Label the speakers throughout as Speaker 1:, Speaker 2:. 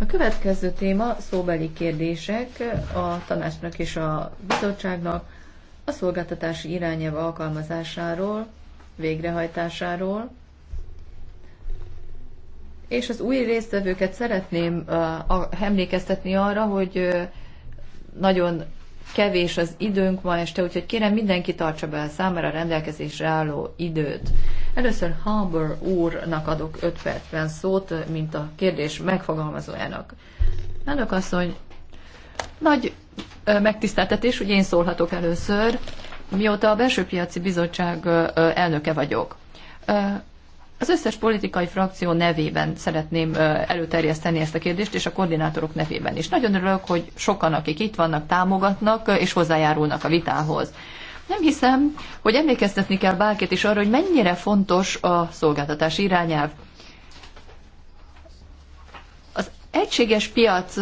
Speaker 1: A következő téma szóbeli kérdések a tanácsnak és a bizottságnak a szolgáltatási irányelv alkalmazásáról, végrehajtásáról, és az új résztvevőket szeretném uh, emlékeztetni arra, hogy uh, nagyon kevés az időnk ma este, úgyhogy kérem mindenki tartsa be a számára rendelkezésre álló időt. Először Harbour úrnak adok 5 percben szót, mint a kérdés megfogalmazójának. Elnök asszony, nagy megtiszteltetés, hogy én szólhatok először, mióta a Belső Piaci Bizottság elnöke vagyok. Az összes politikai frakció nevében szeretném előterjeszteni ezt a kérdést, és a koordinátorok nevében is. Nagyon örülök, hogy sokan, akik itt vannak, támogatnak és hozzájárulnak a vitához. Nem hiszem, hogy emlékeztetni kell bárkit is arra, hogy mennyire fontos a szolgáltatás irányelv. Az egységes piac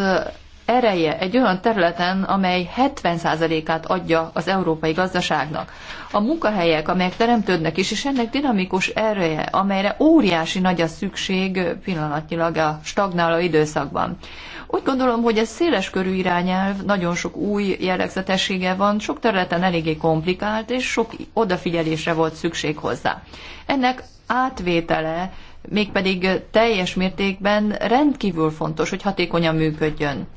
Speaker 1: ereje egy olyan területen, amely 70%-át adja az európai gazdaságnak. A munkahelyek, amelyek teremtődnek is, és ennek dinamikus ereje, amelyre óriási nagy a szükség pillanatnyilag a stagnáló időszakban. Úgy gondolom, hogy ez széleskörű irányelv, nagyon sok új jellegzetessége van, sok területen eléggé komplikált, és sok odafigyelésre volt szükség hozzá. Ennek átvétele mégpedig teljes mértékben rendkívül fontos, hogy hatékonyan működjön.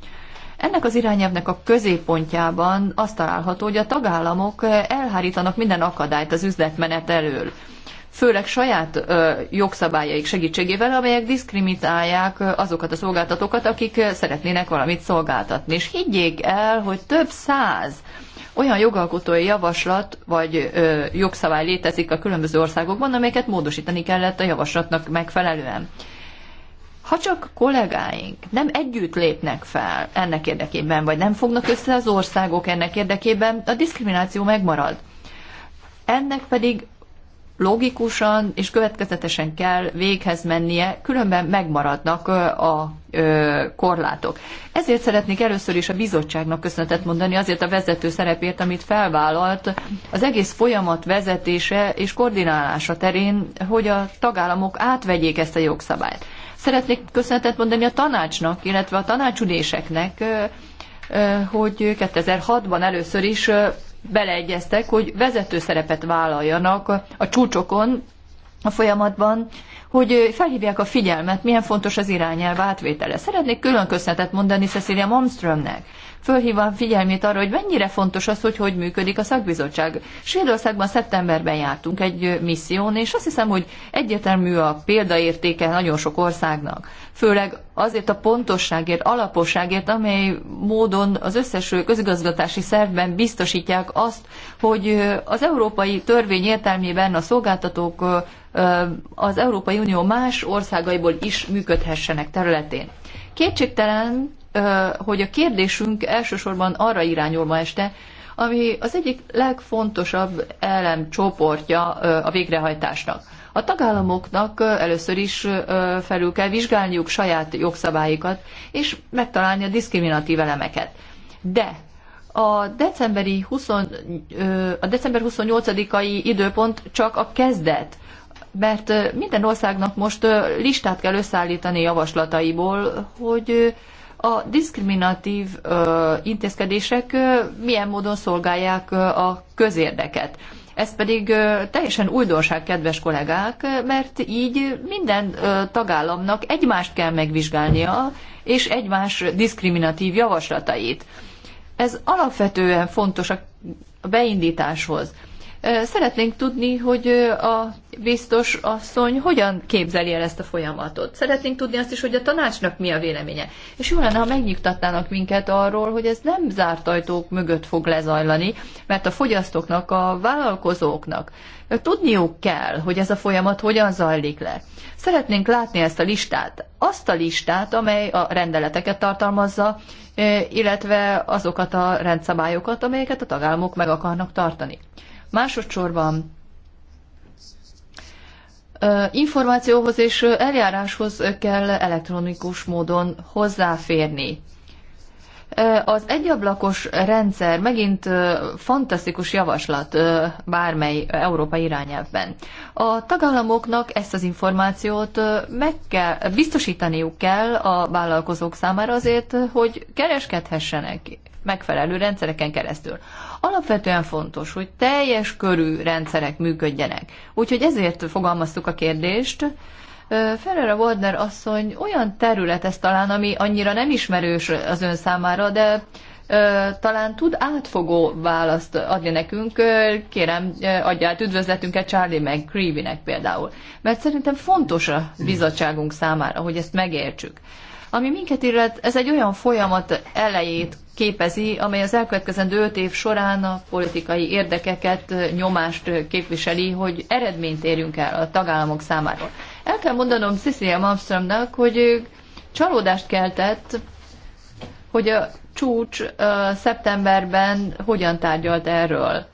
Speaker 1: Ennek az irányelvnek a középpontjában azt található, hogy a tagállamok elhárítanak minden akadályt az üzletmenet elől főleg saját jogszabályaik segítségével, amelyek diszkriminálják azokat a szolgáltatókat, akik szeretnének valamit szolgáltatni. És higgyék el, hogy több száz olyan jogalkotói javaslat vagy ö, jogszabály létezik a különböző országokban, amelyeket módosítani kellett a javaslatnak megfelelően. Ha csak kollégáink nem együtt lépnek fel ennek érdekében, vagy nem fognak össze az országok ennek érdekében, a diszkrimináció megmarad. Ennek pedig logikusan és következetesen kell véghez mennie, különben megmaradnak a korlátok. Ezért szeretnék először is a bizottságnak köszönetet mondani, azért a vezető szerepért, amit felvállalt az egész folyamat vezetése és koordinálása terén, hogy a tagállamok átvegyék ezt a jogszabályt. Szeretnék köszönetet mondani a tanácsnak, illetve a tanácsüléseknek, hogy 2006-ban először is beleegyeztek, hogy vezető szerepet vállaljanak a csúcsokon, a folyamatban, hogy felhívják a figyelmet, milyen fontos az irányelv átvétele. Szeretnék külön köszönetet mondani Cecilia Malmströmnek, fölhívva a figyelmét arra, hogy mennyire fontos az, hogy hogy működik a szakbizottság. Svédországban szeptemberben jártunk egy misszión, és azt hiszem, hogy egyértelmű a példaértéke nagyon sok országnak. Főleg azért a pontosságért, alaposságért, amely módon az összes közigazgatási szervben biztosítják azt, hogy az európai törvény értelmében a szolgáltatók az Európai Unió más országaiból is működhessenek területén. Kétségtelen, hogy a kérdésünk elsősorban arra irányul ma este, ami az egyik legfontosabb elemcsoportja a végrehajtásnak. A tagállamoknak először is felül kell vizsgálniuk saját jogszabályikat, és megtalálni a diszkriminatív elemeket. De a, decemberi 20, a december 28-ai időpont csak a kezdet, mert minden országnak most listát kell összeállítani javaslataiból, hogy a diszkriminatív ö, intézkedések ö, milyen módon szolgálják ö, a közérdeket. Ez pedig ö, teljesen újdonság, kedves kollégák, mert így minden ö, tagállamnak egymást kell megvizsgálnia, és egymás diszkriminatív javaslatait. Ez alapvetően fontos a beindításhoz. Szeretnénk tudni, hogy a biztos asszony hogyan képzeli el ezt a folyamatot. Szeretnénk tudni azt is, hogy a tanácsnak mi a véleménye. És jó lenne, ha megnyugtatnának minket arról, hogy ez nem zárt ajtók mögött fog lezajlani, mert a fogyasztóknak, a vállalkozóknak tudniuk kell, hogy ez a folyamat hogyan zajlik le. Szeretnénk látni ezt a listát, azt a listát, amely a rendeleteket tartalmazza, illetve azokat a rendszabályokat, amelyeket a tagállamok meg akarnak tartani. Másodszorban információhoz és eljáráshoz kell elektronikus módon hozzáférni. Az egyablakos rendszer megint fantasztikus javaslat bármely európai irányelvben. A tagállamoknak ezt az információt meg kell, biztosítaniuk kell a vállalkozók számára azért, hogy kereskedhessenek megfelelő rendszereken keresztül. Alapvetően fontos, hogy teljes körű rendszerek működjenek. Úgyhogy ezért fogalmaztuk a kérdést. Ferrera Waldner asszony olyan terület ez talán, ami annyira nem ismerős az ön számára, de talán tud átfogó választ adni nekünk. Kérem, adja át üdvözletünket Charlie meg Creevynek például. Mert szerintem fontos a bizottságunk számára, hogy ezt megértsük. Ami minket illet, ez egy olyan folyamat elejét képezi, amely az elkövetkezendő öt év során a politikai érdekeket, nyomást képviseli, hogy eredményt érjünk el a tagállamok számára. El kell mondanom Cecilia Malmströmnek, hogy csalódást keltett, hogy a csúcs szeptemberben hogyan tárgyalt erről.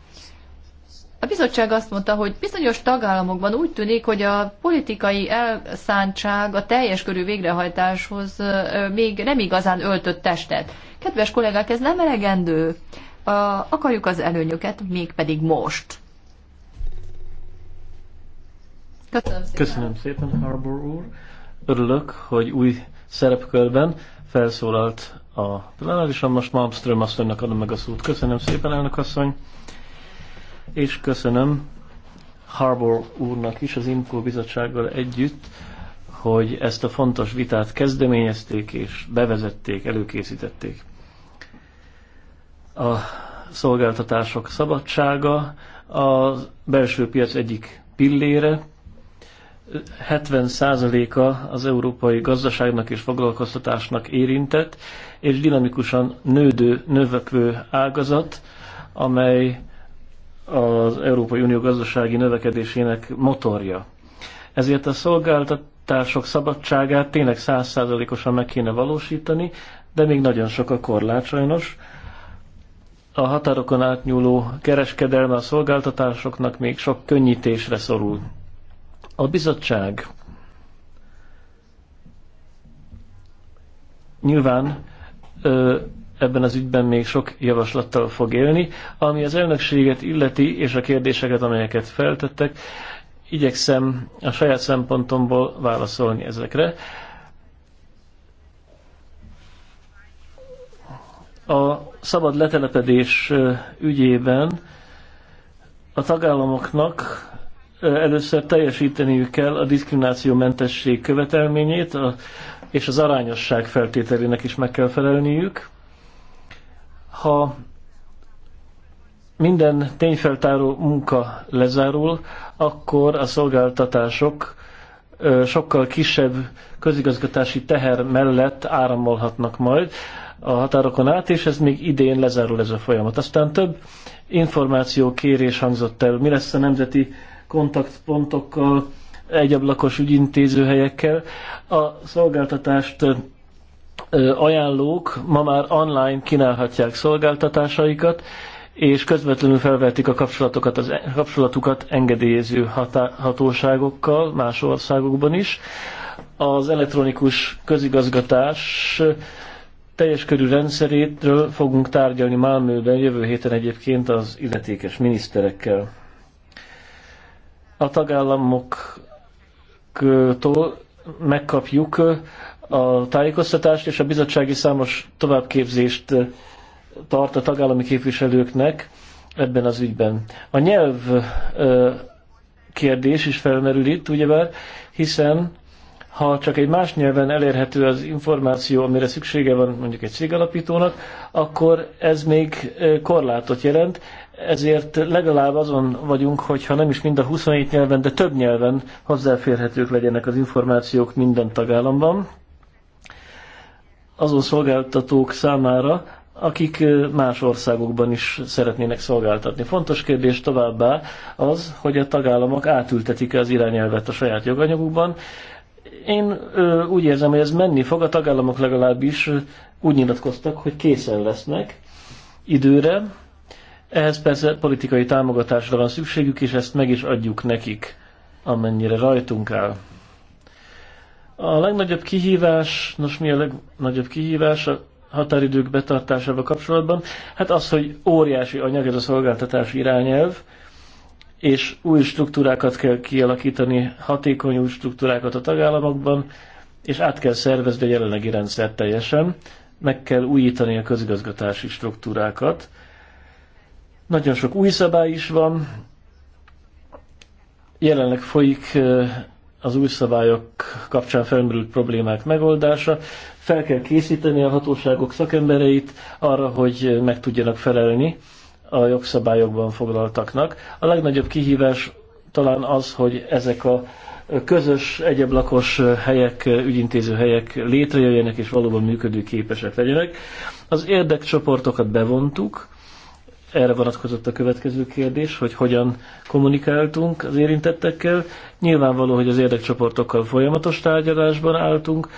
Speaker 1: A bizottság azt mondta, hogy bizonyos tagállamokban úgy tűnik, hogy a politikai elszántság a teljes körű végrehajtáshoz még nem igazán öltött testet. Kedves kollégák, ez nem elegendő. Akarjuk az előnyöket, mégpedig most. Köszönöm szépen. Köszönöm
Speaker 2: szépen, Harbour úr. Örülök, hogy új szerepkörben felszólalt a plenárisan. Most Malmström asszonynak adom meg a szót. Köszönöm szépen, elnök asszony és köszönöm Harbour úrnak is az IMCO bizottsággal együtt, hogy ezt a fontos vitát kezdeményezték és bevezették, előkészítették. A szolgáltatások szabadsága a belső piac egyik pillére, 70%-a az európai gazdaságnak és foglalkoztatásnak érintett, és dinamikusan nődő, növekvő ágazat, amely az Európai Unió gazdasági növekedésének motorja. Ezért a szolgáltatások szabadságát tényleg százszázalékosan meg kéne valósítani, de még nagyon sok a korlát sajnos. A határokon átnyúló kereskedelme a szolgáltatásoknak még sok könnyítésre szorul. A bizottság nyilván ö, ebben az ügyben még sok javaslattal fog élni. Ami az elnökséget illeti, és a kérdéseket, amelyeket feltettek, igyekszem a saját szempontomból válaszolni ezekre. A szabad letelepedés ügyében a tagállamoknak először teljesíteniük kell a diszkriminációmentesség követelményét, és az arányosság feltételének is meg kell felelniük ha minden tényfeltáró munka lezárul, akkor a szolgáltatások sokkal kisebb közigazgatási teher mellett áramolhatnak majd a határokon át, és ez még idén lezárul ez a folyamat. Aztán több információ kérés hangzott el. Mi lesz a nemzeti kontaktpontokkal, egyablakos ügyintézőhelyekkel? A szolgáltatást ajánlók ma már online kínálhatják szolgáltatásaikat, és közvetlenül felvetik a kapcsolatokat, az, e, kapcsolatukat engedélyező hatóságokkal más országokban is. Az elektronikus közigazgatás teljes körű rendszerétről fogunk tárgyalni Málmőben jövő héten egyébként az illetékes miniszterekkel. A tagállamoktól megkapjuk a tájékoztatást és a bizottsági számos továbbképzést eh, tart a tagállami képviselőknek ebben az ügyben. A nyelv eh, kérdés is felmerül itt, ugyebár, hiszen ha csak egy más nyelven elérhető az információ, amire szüksége van mondjuk egy cégalapítónak, akkor ez még eh, korlátot jelent, ezért legalább azon vagyunk, hogyha nem is mind a 27 nyelven, de több nyelven hozzáférhetők legyenek az információk minden tagállamban azon szolgáltatók számára, akik más országokban is szeretnének szolgáltatni. Fontos kérdés továbbá az, hogy a tagállamok átültetik -e az irányelvet a saját joganyagukban. Én ö, úgy érzem, hogy ez menni fog, a tagállamok legalábbis úgy nyilatkoztak, hogy készen lesznek időre. Ehhez persze politikai támogatásra van szükségük, és ezt meg is adjuk nekik, amennyire rajtunk áll. A legnagyobb kihívás, most mi a legnagyobb kihívás a határidők betartásával kapcsolatban? Hát az, hogy óriási anyag ez a szolgáltatás irányelv, és új struktúrákat kell kialakítani, hatékony új struktúrákat a tagállamokban, és át kell szervezni a jelenlegi rendszer teljesen, meg kell újítani a közigazgatási struktúrákat. Nagyon sok új szabály is van, jelenleg folyik az új szabályok kapcsán felmerült problémák megoldása. Fel kell készíteni a hatóságok szakembereit arra, hogy meg tudjanak felelni a jogszabályokban foglaltaknak. A legnagyobb kihívás talán az, hogy ezek a közös egyeblakos helyek, ügyintéző helyek létrejöjjenek és valóban működőképesek legyenek. Az érdekcsoportokat bevontuk, erre vonatkozott a következő kérdés, hogy hogyan kommunikáltunk az érintettekkel. Nyilvánvaló, hogy az érdekcsoportokkal folyamatos tárgyalásban álltunk,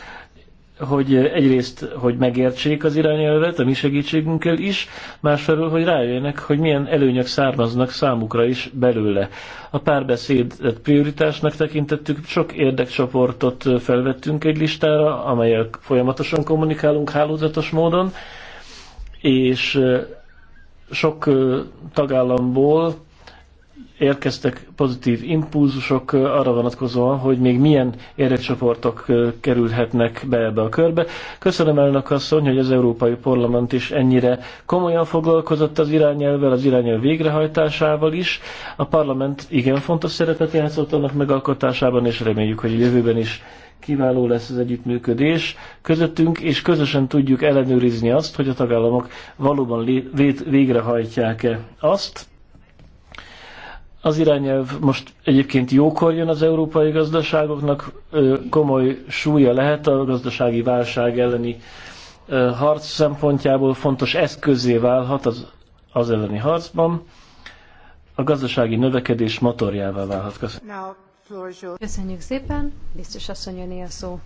Speaker 2: hogy egyrészt, hogy megértsék az irányelvet a mi segítségünkkel is, másfelől, hogy rájöjjenek, hogy milyen előnyök származnak számukra is belőle. A párbeszédet prioritásnak tekintettük, sok érdekcsoportot felvettünk egy listára, amelyek folyamatosan kommunikálunk hálózatos módon, és sok tagállamból érkeztek pozitív impulzusok arra vonatkozóan, hogy még milyen érdekcsoportok kerülhetnek be ebbe a körbe. Köszönöm elnök asszony, hogy az Európai Parlament is ennyire komolyan foglalkozott az irányelvvel, az irányelv végrehajtásával is. A parlament igen fontos szerepet játszott annak megalkotásában, és reméljük, hogy a jövőben is kiváló lesz az együttműködés közöttünk, és közösen tudjuk ellenőrizni azt, hogy a tagállamok valóban végrehajtják-e azt, az irányelv most egyébként jókor jön az európai gazdaságoknak, komoly súlya lehet a gazdasági válság elleni harc szempontjából, fontos eszközé válhat az, az elleni harcban, a gazdasági növekedés motorjává válhat.
Speaker 3: Köszönjük. Köszönjük szépen, biztos asszony jönni a szó.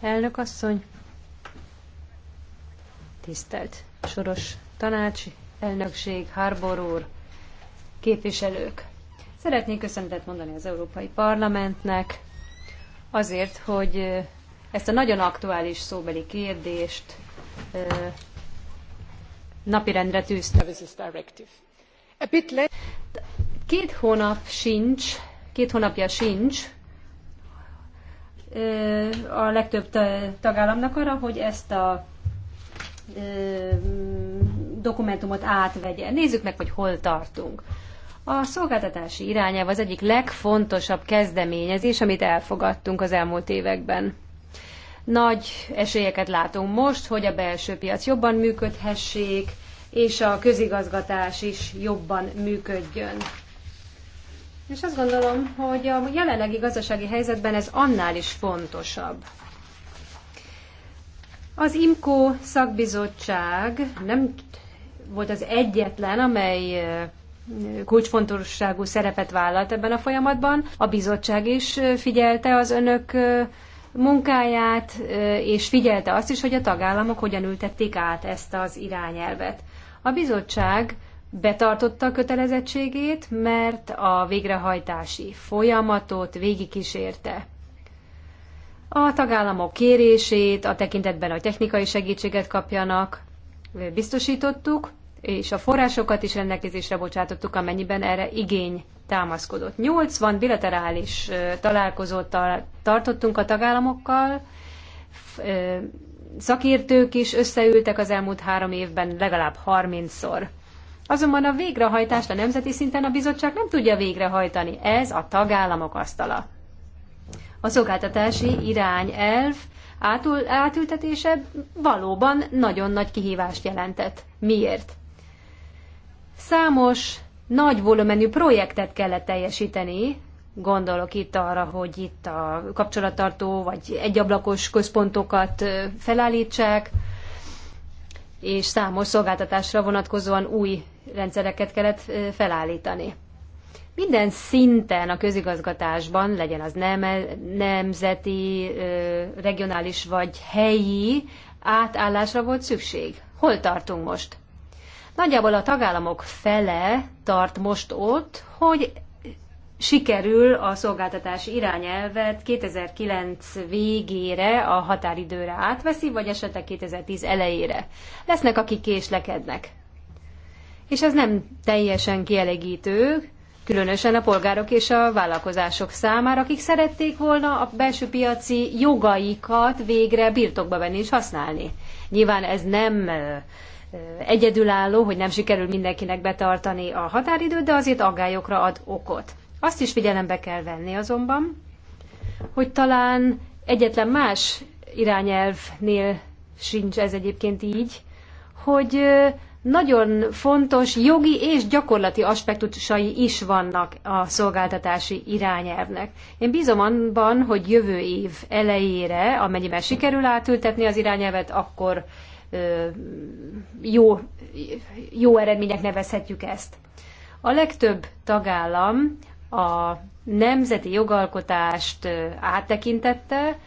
Speaker 3: Elnök asszony, tisztelt Soros tanácsi elnökség, Harbor úr, képviselők! Szeretnék köszönetet mondani az Európai Parlamentnek azért, hogy ezt a nagyon aktuális szóbeli kérdést napirendre tűzte. Két hónap sincs, két hónapja sincs a legtöbb tagállamnak arra, hogy ezt a dokumentumot átvegye. Nézzük meg, hogy hol tartunk. A szolgáltatási irányelv az egyik legfontosabb kezdeményezés, amit elfogadtunk az elmúlt években. Nagy esélyeket látunk most, hogy a belső piac jobban működhessék, és a közigazgatás is jobban működjön. És azt gondolom, hogy a jelenlegi gazdasági helyzetben ez annál is fontosabb. Az IMCO szakbizottság nem volt az egyetlen, amely kulcsfontosságú szerepet vállalt ebben a folyamatban. A bizottság is figyelte az önök munkáját, és figyelte azt is, hogy a tagállamok hogyan ültették át ezt az irányelvet. A bizottság betartotta a kötelezettségét, mert a végrehajtási folyamatot végigkísérte. A tagállamok kérését, a tekintetben, hogy technikai segítséget kapjanak, biztosítottuk, és a forrásokat is rendelkezésre bocsátottuk, amennyiben erre igény támaszkodott. 80 bilaterális találkozót tartottunk a tagállamokkal, szakértők is összeültek az elmúlt három évben legalább 30-szor. Azonban a végrehajtást a nemzeti szinten a bizottság nem tudja végrehajtani. Ez a tagállamok asztala. A szolgáltatási irányelv átul, átültetése valóban nagyon nagy kihívást jelentett. Miért? Számos nagy volumenű projektet kellett teljesíteni, gondolok itt arra, hogy itt a kapcsolattartó vagy egyablakos központokat felállítsák, és számos szolgáltatásra vonatkozóan új rendszereket kellett felállítani. Minden szinten a közigazgatásban, legyen az nem, nemzeti, regionális vagy helyi, átállásra volt szükség. Hol tartunk most? Nagyjából a tagállamok fele tart most ott, hogy sikerül a szolgáltatás irányelvet 2009 végére a határidőre átveszi, vagy esetleg 2010 elejére. Lesznek, akik késlekednek. És ez nem teljesen kielégítő, különösen a polgárok és a vállalkozások számára, akik szerették volna a belső piaci jogaikat végre birtokba venni és használni. Nyilván ez nem egyedülálló, hogy nem sikerül mindenkinek betartani a határidőt, de azért aggályokra ad okot. Azt is figyelembe kell venni azonban, hogy talán egyetlen más irányelvnél sincs ez egyébként így, hogy nagyon fontos jogi és gyakorlati aspektusai is vannak a szolgáltatási irányelvnek. Én bízom abban, hogy jövő év elejére, amennyiben sikerül átültetni az irányelvet, akkor jó, jó eredmények nevezhetjük ezt. A legtöbb tagállam a nemzeti jogalkotást áttekintette,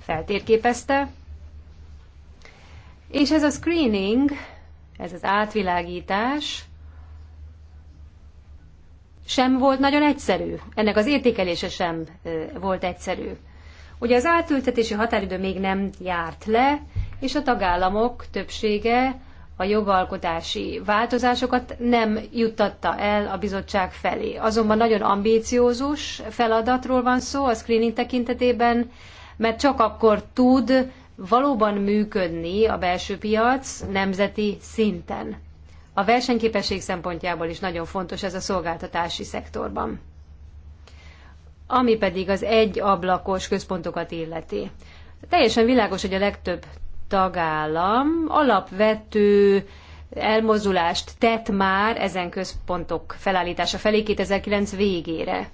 Speaker 3: feltérképezte, és ez a screening, ez az átvilágítás sem volt nagyon egyszerű. Ennek az értékelése sem volt egyszerű. Ugye az átültetési határidő még nem járt le, és a tagállamok többsége a jogalkotási változásokat nem juttatta el a bizottság felé. Azonban nagyon ambíciózus feladatról van szó a screening tekintetében, mert csak akkor tud valóban működni a belső piac nemzeti szinten. A versenyképesség szempontjából is nagyon fontos ez a szolgáltatási szektorban. Ami pedig az egy ablakos központokat illeti. Teljesen világos, hogy a legtöbb tagállam alapvető elmozdulást tett már ezen központok felállítása felé 2009 végére.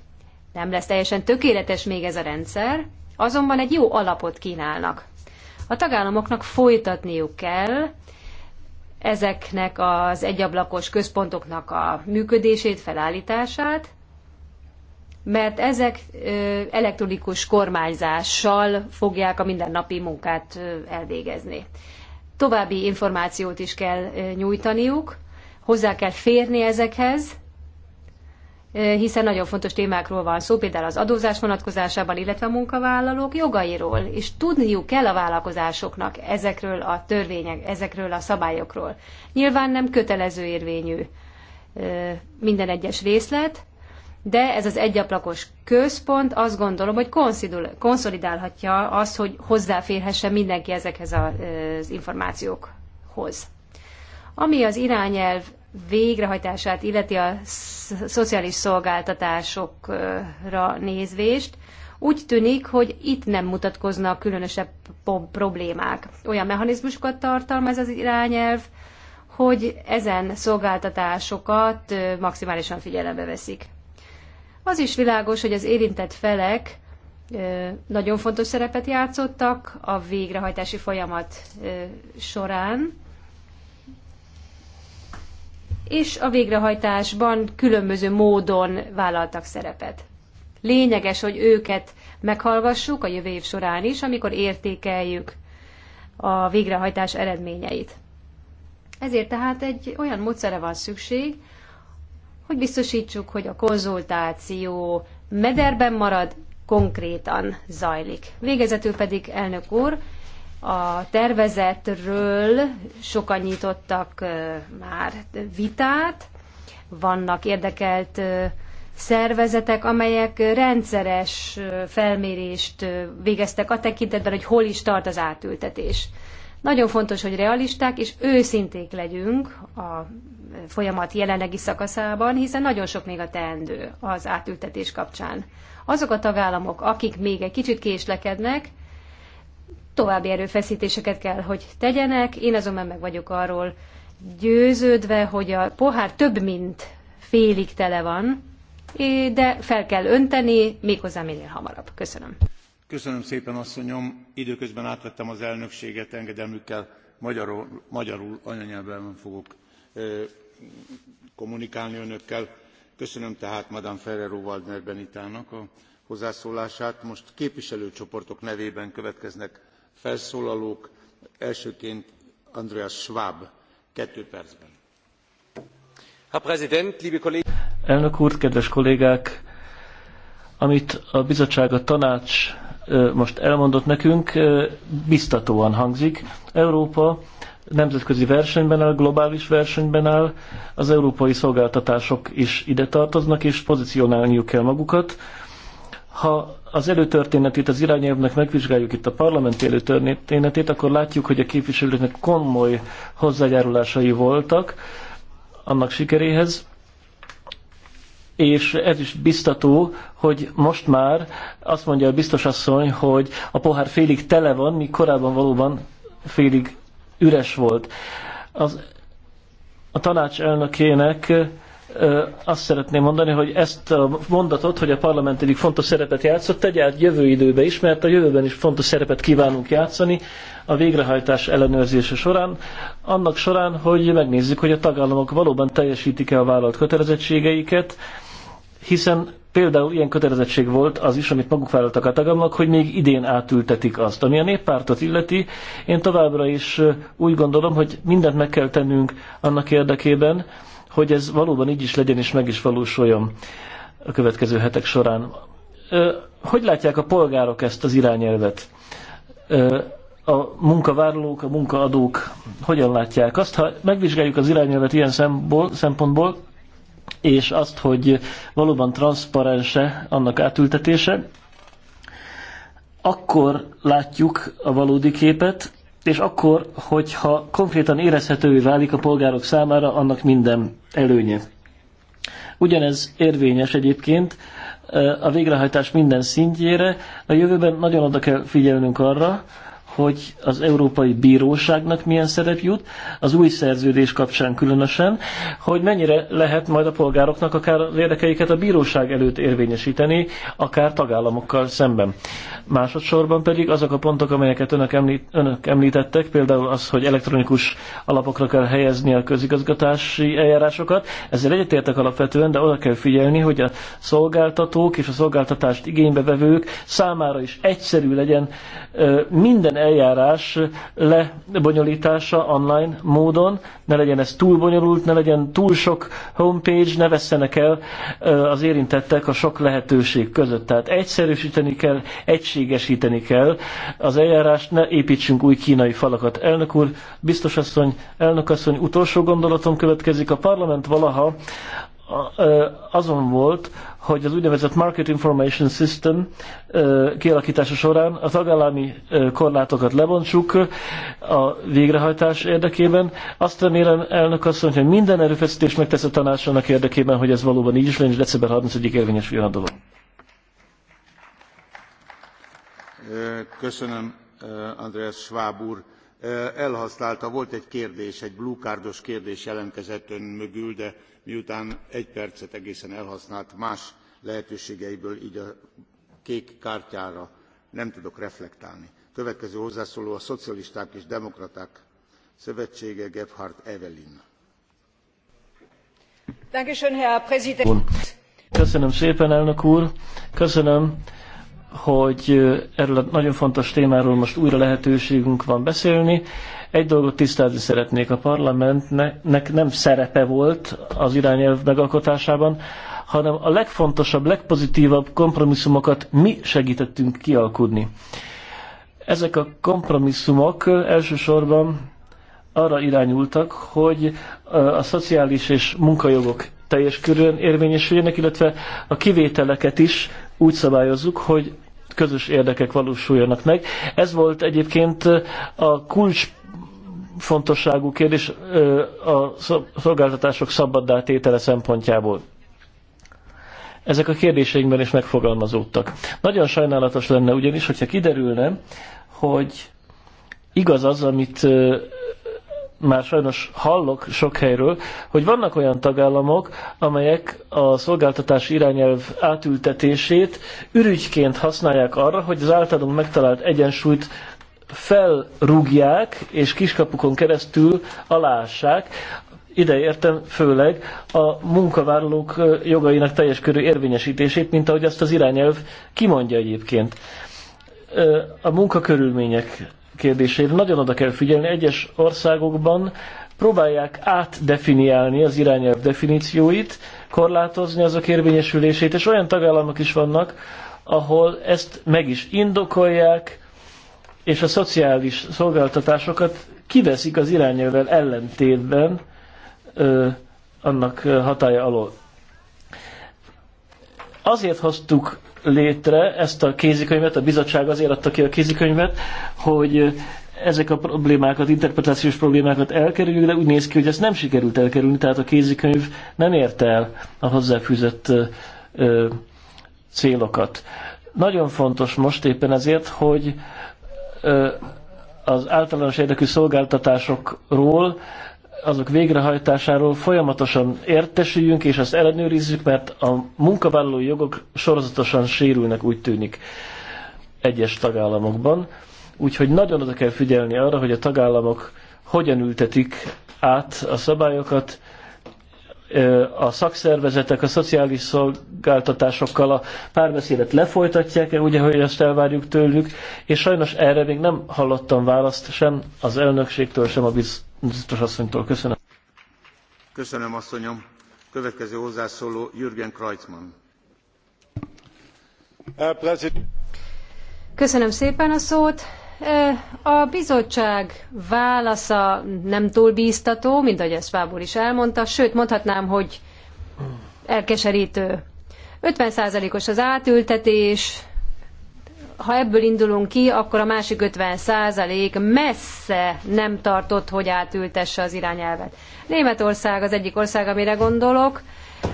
Speaker 3: Nem lesz teljesen tökéletes még ez a rendszer, azonban egy jó alapot kínálnak. A tagállamoknak folytatniuk kell ezeknek az egyablakos központoknak a működését, felállítását, mert ezek elektronikus kormányzással fogják a mindennapi munkát elvégezni. További információt is kell nyújtaniuk, hozzá kell férni ezekhez, hiszen nagyon fontos témákról van szó, például az adózás vonatkozásában, illetve a munkavállalók jogairól, és tudniuk kell a vállalkozásoknak ezekről a törvények, ezekről a szabályokról. Nyilván nem kötelező érvényű minden egyes részlet, de ez az egyablakos központ azt gondolom, hogy konszolidálhatja azt, hogy hozzáférhessen mindenki ezekhez az információkhoz. Ami az irányelv végrehajtását illeti a szociális szolgáltatásokra nézvést, úgy tűnik, hogy itt nem mutatkoznak különösebb problémák. Olyan mechanizmusokat tartalmaz az irányelv, hogy ezen szolgáltatásokat maximálisan figyelembe veszik. Az is világos, hogy az érintett felek nagyon fontos szerepet játszottak a végrehajtási folyamat során, és a végrehajtásban különböző módon vállaltak szerepet. Lényeges, hogy őket meghallgassuk a jövő év során is, amikor értékeljük a végrehajtás eredményeit. Ezért tehát egy olyan módszere van szükség, hogy biztosítsuk, hogy a konzultáció mederben marad, konkrétan zajlik. Végezetül pedig, elnök úr, a tervezetről sokan nyitottak már vitát, vannak érdekelt szervezetek, amelyek rendszeres felmérést végeztek a tekintetben, hogy hol is tart az átültetés. Nagyon fontos, hogy realisták és őszinték legyünk a folyamat jelenlegi szakaszában, hiszen nagyon sok még a teendő az átültetés kapcsán. Azok a tagállamok, akik még egy kicsit késlekednek, további erőfeszítéseket kell, hogy tegyenek. Én azonban meg vagyok arról győződve, hogy a pohár több, mint félig tele van, de fel kell önteni, méghozzá minél hamarabb. Köszönöm.
Speaker 4: Köszönöm szépen, asszonyom. Időközben átvettem az elnökséget engedelmükkel. Magyarul, magyarul anyanyelvben fogok kommunikálni önökkel. Köszönöm tehát Madame Ferrero Waldner Benitának a hozzászólását. Most képviselőcsoportok nevében következnek felszólalók. Elsőként Andreas Schwab, kettő percben.
Speaker 2: Elnök úr, kedves kollégák! Amit a bizottság, a tanács most elmondott nekünk, biztatóan hangzik. Európa nemzetközi versenyben áll, globális versenyben áll, az európai szolgáltatások is ide tartoznak, és pozícionálniuk kell magukat. Ha az előtörténetét az irányelvnek megvizsgáljuk itt a parlamenti előtörténetét, akkor látjuk, hogy a képviselőknek komoly hozzájárulásai voltak annak sikeréhez és ez is biztató, hogy most már azt mondja a asszony, hogy a pohár félig tele van, míg korábban valóban félig üres volt. Az, a tanács elnökének azt szeretném mondani, hogy ezt a mondatot, hogy a parlament egyik fontos szerepet játszott, tegye át jövő időbe is, mert a jövőben is fontos szerepet kívánunk játszani a végrehajtás ellenőrzése során, annak során, hogy megnézzük, hogy a tagállamok valóban teljesítik-e a vállalt kötelezettségeiket, hiszen például ilyen kötelezettség volt az is, amit maguk vállaltak a tagamnak, hogy még idén átültetik azt. Ami a néppártot illeti, én továbbra is úgy gondolom, hogy mindent meg kell tennünk annak érdekében, hogy ez valóban így is legyen és meg is valósuljon a következő hetek során. Hogy látják a polgárok ezt az irányelvet? A munkavárlók, a munkaadók hogyan látják azt? Ha megvizsgáljuk az irányelvet ilyen szempontból, és azt, hogy valóban transzparense annak átültetése, akkor látjuk a valódi képet, és akkor, hogyha konkrétan érezhetővé válik a polgárok számára, annak minden előnye. Ugyanez érvényes egyébként eh, a végrehajtás minden szintjére. A jövőben nagyon oda kell figyelnünk arra, hogy az Európai Bíróságnak milyen szerep jut, az új szerződés kapcsán különösen, hogy mennyire lehet majd a polgároknak akár az érdekeiket a bíróság előtt érvényesíteni, akár tagállamokkal szemben. Másodszorban pedig azok a pontok, amelyeket önök, említ, önök említettek, például az, hogy elektronikus alapokra kell helyezni a közigazgatási eljárásokat, ezzel egyetértek alapvetően, de oda kell figyelni, hogy a szolgáltatók és a szolgáltatást igénybevevők számára is egyszerű legyen minden eljárás lebonyolítása online módon, ne legyen ez túl bonyolult, ne legyen túl sok homepage, ne vesszenek el az érintettek a sok lehetőség között. Tehát egyszerűsíteni kell, egységesíteni kell az eljárást, ne építsünk új kínai falakat. Elnök úr, biztos asszony, elnök asszony, utolsó gondolatom következik. A parlament valaha azon volt, hogy az úgynevezett Market Information System kialakítása során a tagállami korlátokat lebontsuk a végrehajtás érdekében. Azt remélem, elnök asszony, hogy minden erőfeszítés megtesz a tanács annak érdekében, hogy ez valóban így is legyen, és december 31-ig érvényesüljön a dolog.
Speaker 4: Köszönöm, Andreas Schwab úr elhasználta volt egy kérdés egy blue kérdés jelentkezett ön mögül de miután egy percet egészen elhasznált más lehetőségeiből gy a kék kártyára nem tudok reflektálni. következő hozzászóló a szocialisták és demokraták szövetsége gebhardt evelyn.
Speaker 2: köszönöm szépen elnök úr köszönöm hogy erről a nagyon fontos témáról most újra lehetőségünk van beszélni. Egy dolgot tisztázni szeretnék a parlamentnek, nem szerepe volt az irányelv megalkotásában, hanem a legfontosabb, legpozitívabb kompromisszumokat mi segítettünk kialkudni. Ezek a kompromisszumok elsősorban arra irányultak, hogy a szociális és munkajogok teljes körűen érvényesüljenek, illetve a kivételeket is úgy szabályozzuk, hogy közös érdekek valósuljanak meg. Ez volt egyébként a kulcs fontosságú kérdés a szolgáltatások szabaddá tétele szempontjából. Ezek a kérdéseinkben is megfogalmazódtak. Nagyon sajnálatos lenne ugyanis, hogyha kiderülne, hogy igaz az, amit már sajnos hallok sok helyről, hogy vannak olyan tagállamok, amelyek a szolgáltatási irányelv átültetését ürügyként használják arra, hogy az általunk megtalált egyensúlyt felrúgják és kiskapukon keresztül alássák. Ide értem főleg a munkavállalók jogainak teljes körű érvényesítését, mint ahogy azt az irányelv kimondja egyébként. A munkakörülmények kérdésére nagyon oda kell figyelni. Egyes országokban próbálják átdefiniálni az irányelv definícióit, korlátozni azok érvényesülését, és olyan tagállamok is vannak, ahol ezt meg is indokolják, és a szociális szolgáltatásokat kiveszik az irányelvvel ellentétben ö, annak hatája alól. Azért hoztuk létre ezt a kézikönyvet, a bizottság azért adta ki a kézikönyvet, hogy ezek a problémákat, interpretációs problémákat elkerüljük, de úgy néz ki, hogy ezt nem sikerült elkerülni, tehát a kézikönyv nem ért el a hozzáfűzött ö, célokat. Nagyon fontos most éppen ezért, hogy ö, az általános érdekű szolgáltatásokról azok végrehajtásáról folyamatosan értesüljünk és azt ellenőrizzük, mert a munkavállalói jogok sorozatosan sérülnek, úgy tűnik egyes tagállamokban. Úgyhogy nagyon oda kell figyelni arra, hogy a tagállamok hogyan ültetik át a szabályokat, a szakszervezetek a szociális szolgáltatásokkal a párbeszédet lefolytatják-e, ugye, hogy ezt elvárjuk tőlük, és sajnos erre még nem hallottam választ sem az elnökségtől, sem a biz Biztos asszonytól köszönöm.
Speaker 4: Köszönöm, asszonyom. Következő hozzászóló Jürgen Kreutzmann.
Speaker 3: Köszönöm szépen a szót. A bizottság válasza nem túl bíztató, mint ahogy ezt Fábor is elmondta, sőt mondhatnám, hogy elkeserítő. 50%-os az átültetés, ha ebből indulunk ki, akkor a másik 50 százalék messze nem tartott, hogy átültesse az irányelvet. Németország az egyik ország, amire gondolok.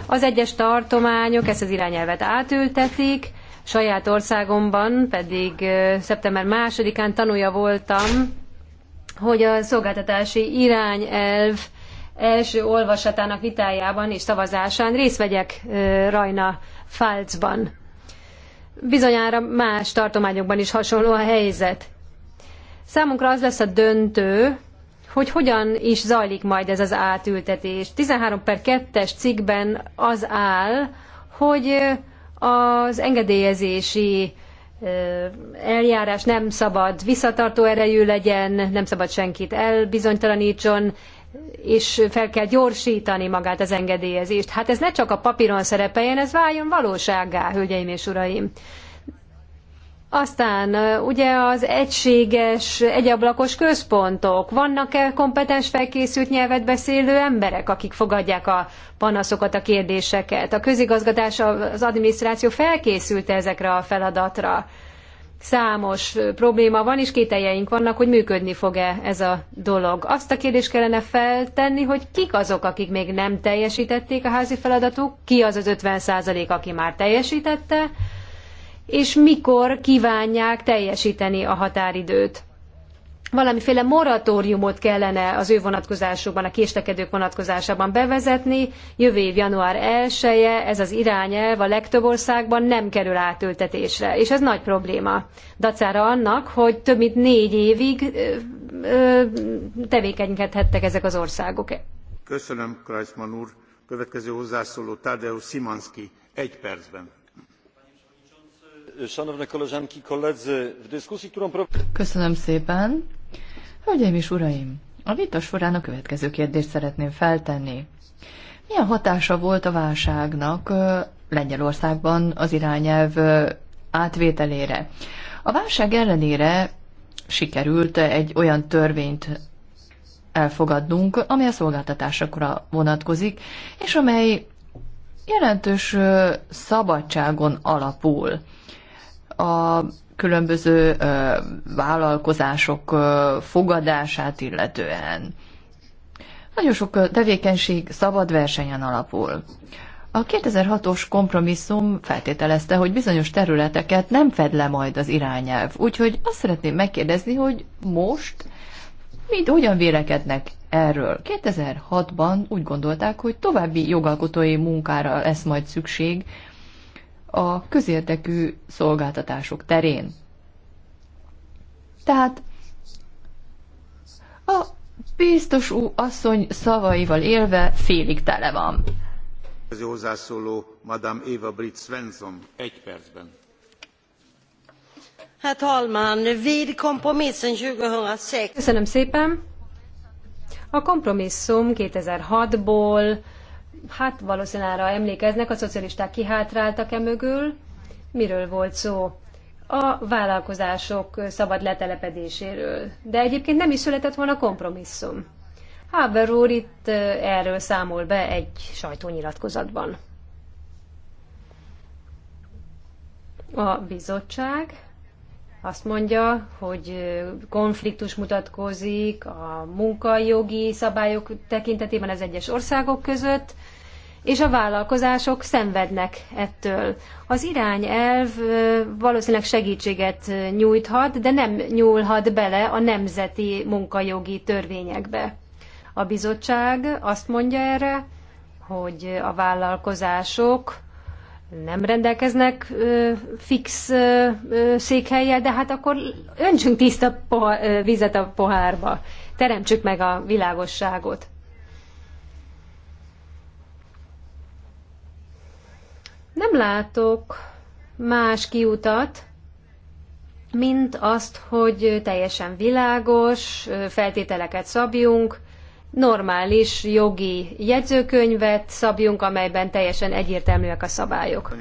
Speaker 3: Az egyes tartományok ezt az irányelvet átültetik, saját országomban pedig szeptember másodikán tanulja voltam, hogy a szolgáltatási irányelv első olvasatának vitájában és szavazásán részt vegyek Rajna Fálcban. Bizonyára más tartományokban is hasonló a helyzet. Számunkra az lesz a döntő, hogy hogyan is zajlik majd ez az átültetés. 13 per 2-es cikkben az áll, hogy az engedélyezési eljárás nem szabad visszatartó erejű legyen, nem szabad senkit elbizonytalanítson, és fel kell gyorsítani magát az engedélyezést. Hát ez ne csak a papíron szerepeljen, ez váljon valósággá, hölgyeim és uraim. Aztán ugye az egységes, egyablakos központok, vannak-e kompetens felkészült nyelvet beszélő emberek, akik fogadják a panaszokat, a kérdéseket? A közigazgatás, az adminisztráció felkészült -e ezekre a feladatra? Számos probléma van, és kételjeink vannak, hogy működni fog-e ez a dolog. Azt a kérdést kellene feltenni, hogy kik azok, akik még nem teljesítették a házi feladatuk, ki az az 50 százalék, aki már teljesítette, és mikor kívánják teljesíteni a határidőt valamiféle moratóriumot kellene az ő vonatkozásukban, a késlekedők vonatkozásában bevezetni. Jövő év január 1 -e, ez az irányelv a legtöbb országban nem kerül átültetésre, és ez nagy probléma. Dacára annak, hogy több mint négy évig ö, ö, tevékenykedhettek ezek az országok.
Speaker 4: Köszönöm, Kreisman úr. Következő hozzászóló Tadeusz Szimanszki, egy percben szanowne koleżanki koledzy w dyskusji którą
Speaker 1: Hölgyeim és uraim, a vita során a következő kérdést szeretném feltenni. Milyen hatása volt a válságnak Lengyelországban az irányelv átvételére? A válság ellenére sikerült egy olyan törvényt elfogadnunk, ami a szolgáltatásokra vonatkozik, és amely jelentős szabadságon alapul a különböző vállalkozások fogadását illetően. Nagyon sok tevékenység szabad versenyen alapul. A 2006-os kompromisszum feltételezte, hogy bizonyos területeket nem fed le majd az irányelv. Úgyhogy azt szeretném megkérdezni, hogy most mit hogyan vélekednek erről. 2006-ban úgy gondolták, hogy további jogalkotói munkára lesz majd szükség a közérdekű szolgáltatások terén. Tehát a biztos ú asszony szavaival élve félig tele van.
Speaker 4: Az hozzászóló Madame Eva Britt Svensson egy percben.
Speaker 3: Herr talman, vid kompromissen 2006. Köszönöm szépen. A kompromisszum 2006-ból hát valószínűre emlékeznek, a szocialisták kihátráltak e mögül. Miről volt szó? A vállalkozások szabad letelepedéséről. De egyébként nem is született volna kompromisszum. Haber úr itt erről számol be egy sajtónyilatkozatban. A bizottság azt mondja, hogy konfliktus mutatkozik a munkajogi szabályok tekintetében az egyes országok között, és a vállalkozások szenvednek ettől. Az irányelv valószínűleg segítséget nyújthat, de nem nyúlhat bele a nemzeti munkajogi törvényekbe. A bizottság azt mondja erre, hogy a vállalkozások nem rendelkeznek ö, fix ö, ö, de hát akkor öntsünk tiszta poha, ö, vizet a pohárba, teremtsük meg a világosságot. Nem látok más kiutat, mint azt, hogy teljesen világos feltételeket szabjunk, normális jogi jegyzőkönyvet szabjunk, amelyben teljesen egyértelműek a szabályok.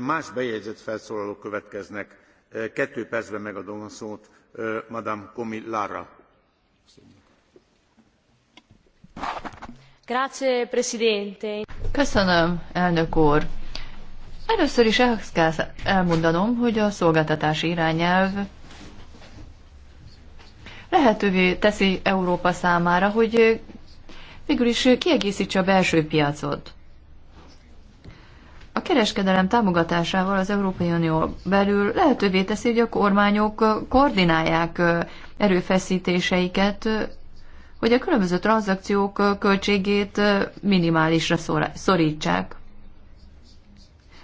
Speaker 4: Más bejegyzett felszólalók következnek. Kettő percben megadom a szót Madame Komi Lara.
Speaker 3: Grazie, Presidente.
Speaker 1: Köszönöm, elnök úr. Először is ezt kell elmondanom, hogy a szolgáltatási irányelv lehetővé teszi Európa számára, hogy végül is kiegészítse a belső piacot. A kereskedelem támogatásával az Európai Unió belül lehetővé teszi, hogy a kormányok koordinálják erőfeszítéseiket, hogy a különböző tranzakciók költségét minimálisra szorítsák.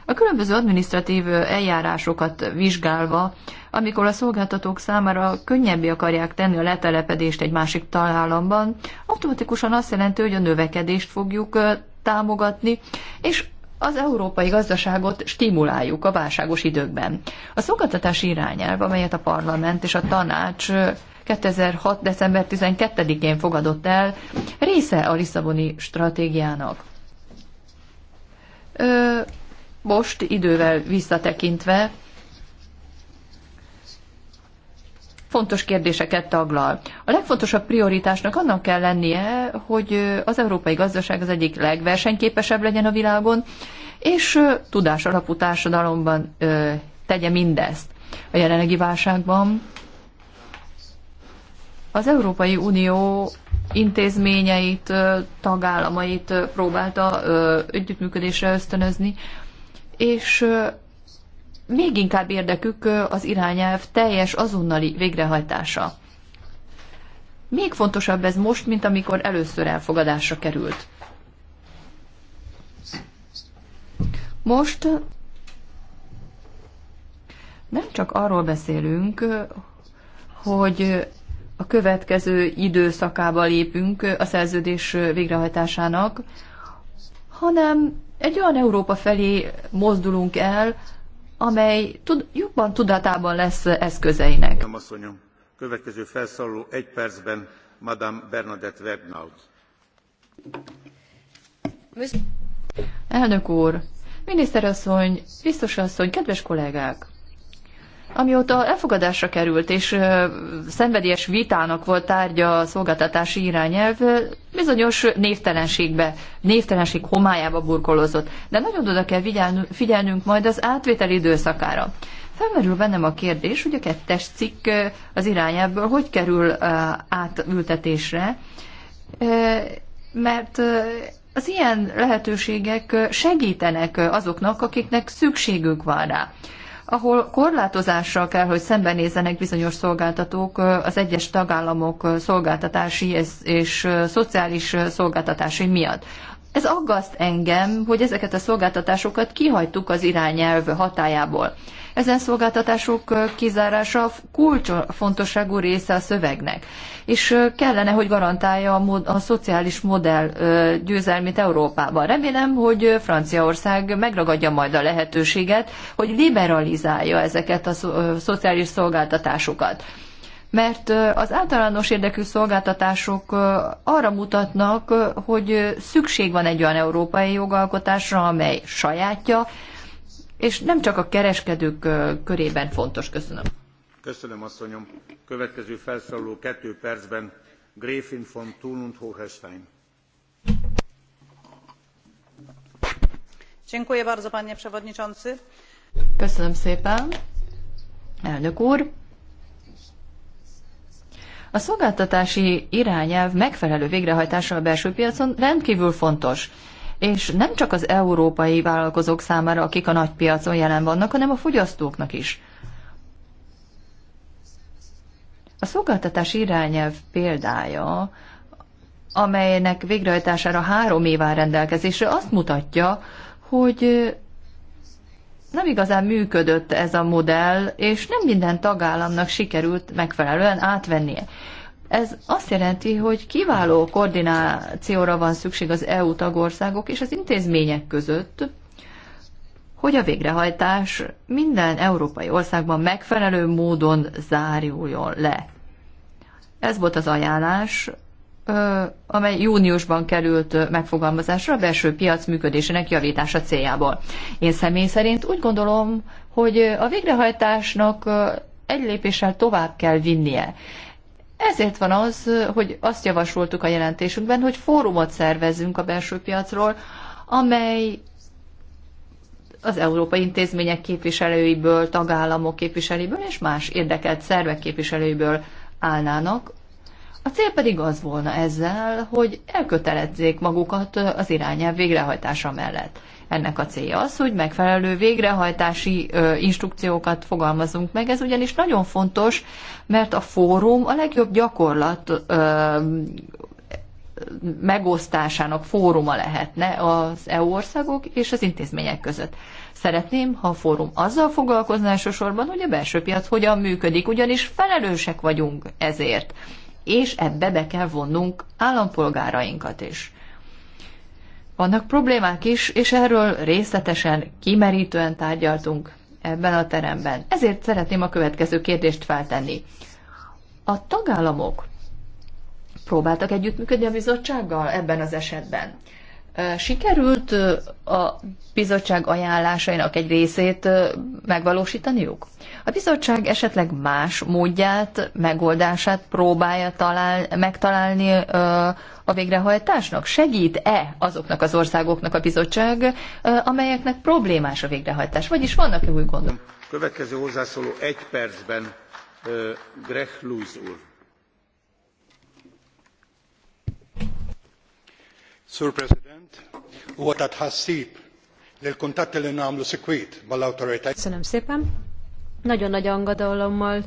Speaker 1: A különböző adminisztratív eljárásokat vizsgálva, amikor a szolgáltatók számára könnyebbé akarják tenni a letelepedést egy másik találamban, automatikusan azt jelenti, hogy a növekedést fogjuk támogatni, és az európai gazdaságot stimuláljuk a válságos időkben. A szolgáltatási irányelv, amelyet a parlament és a tanács 2006. december 12-én fogadott el, része a Lisszaboni stratégiának. Ö- most idővel visszatekintve fontos kérdéseket taglal. A legfontosabb prioritásnak annak kell lennie, hogy az európai gazdaság az egyik legversenyképesebb legyen a világon, és tudás alapú társadalomban tegye mindezt. A jelenlegi válságban az Európai Unió intézményeit, tagállamait próbálta együttműködésre ösztönözni és még inkább érdekük az irányelv teljes azonnali végrehajtása. Még fontosabb ez most, mint amikor először elfogadásra került. Most nem csak arról beszélünk, hogy a következő időszakába lépünk a szerződés végrehajtásának, hanem egy olyan Európa felé mozdulunk el, amely tud, jobban tudatában lesz eszközeinek.
Speaker 4: Köszönöm, asszonyom. Következő felszólaló egy percben Madame Bernadette Webnaut.
Speaker 1: Elnök úr, miniszterasszony, biztos asszony, kedves kollégák! Amióta elfogadásra került és szenvedélyes vitának volt tárgya a szolgáltatási irányelv, bizonyos névtelenségbe, névtelenség homályába burkolozott. De nagyon oda kell figyelnünk majd az átvétel időszakára. Felmerül bennem a kérdés, hogy a kettes cikk az irányelvből hogy kerül átültetésre, mert az ilyen lehetőségek segítenek azoknak, akiknek szükségük van rá ahol korlátozással kell, hogy szembenézzenek bizonyos szolgáltatók az egyes tagállamok szolgáltatási és, és szociális szolgáltatási miatt. Ez aggaszt engem, hogy ezeket a szolgáltatásokat kihagytuk az irányelv hatájából. Ezen szolgáltatások kizárása kulcsfontosságú része a szövegnek, és kellene, hogy garantálja a, mod, a szociális modell győzelmét Európában. Remélem, hogy Franciaország megragadja majd a lehetőséget, hogy liberalizálja ezeket a szociális szolgáltatásokat mert az általános érdekű szolgáltatások arra mutatnak, hogy szükség van egy olyan európai jogalkotásra, amely sajátja, és nem csak a kereskedők körében fontos. Köszönöm.
Speaker 4: Köszönöm, asszonyom. Következő felszólaló kettő percben Gräfin von Thun und
Speaker 1: przewodniczący Köszönöm szépen, elnök úr. A szolgáltatási irányelv megfelelő végrehajtása a belső piacon rendkívül fontos és nem csak az európai vállalkozók számára, akik a nagy piacon jelen vannak, hanem a fogyasztóknak is. A szolgáltatás irányelv példája, amelynek végrehajtására három év áll rendelkezésre, azt mutatja, hogy nem igazán működött ez a modell, és nem minden tagállamnak sikerült megfelelően átvennie. Ez azt jelenti, hogy kiváló koordinációra van szükség az EU tagországok és az intézmények között, hogy a végrehajtás minden európai országban megfelelő módon záruljon le. Ez volt az ajánlás, amely júniusban került megfogalmazásra a belső piac működésének javítása céljából. Én személy szerint úgy gondolom, hogy a végrehajtásnak egy lépéssel tovább kell vinnie. Ezért van az, hogy azt javasoltuk a jelentésünkben, hogy fórumot szervezzünk a belső piacról, amely az európai intézmények képviselőiből, tagállamok képviselőiből és más érdekelt szervek képviselőiből állnának. A cél pedig az volna ezzel, hogy elkötelezzék magukat az irányelv végrehajtása mellett. Ennek a célja az, hogy megfelelő végrehajtási instrukciókat fogalmazunk meg. Ez ugyanis nagyon fontos, mert a fórum a legjobb gyakorlat megosztásának fóruma lehetne az EU országok és az intézmények között. Szeretném, ha a fórum azzal foglalkozna elsősorban, hogy a belső piac hogyan működik, ugyanis felelősek vagyunk ezért, és ebbe be kell vonnunk állampolgárainkat is. Vannak problémák is, és erről részletesen, kimerítően tárgyaltunk ebben a teremben. Ezért szeretném a következő kérdést feltenni. A tagállamok próbáltak együttműködni a bizottsággal ebben az esetben. Sikerült a bizottság ajánlásainak egy részét megvalósítaniuk? A bizottság esetleg más módját, megoldását próbálja talál, megtalálni ö, a végrehajtásnak? Segít-e azoknak az országoknak a bizottság, ö, amelyeknek problémás a végrehajtás? Vagyis vannak-e új gondok?
Speaker 4: Következő hozzászóló egy percben ö, Greg Luz úr. Sir President, what has seen, del contatele n-am lusecuit, Köszönöm szépen
Speaker 3: nagyon nagy angadalommal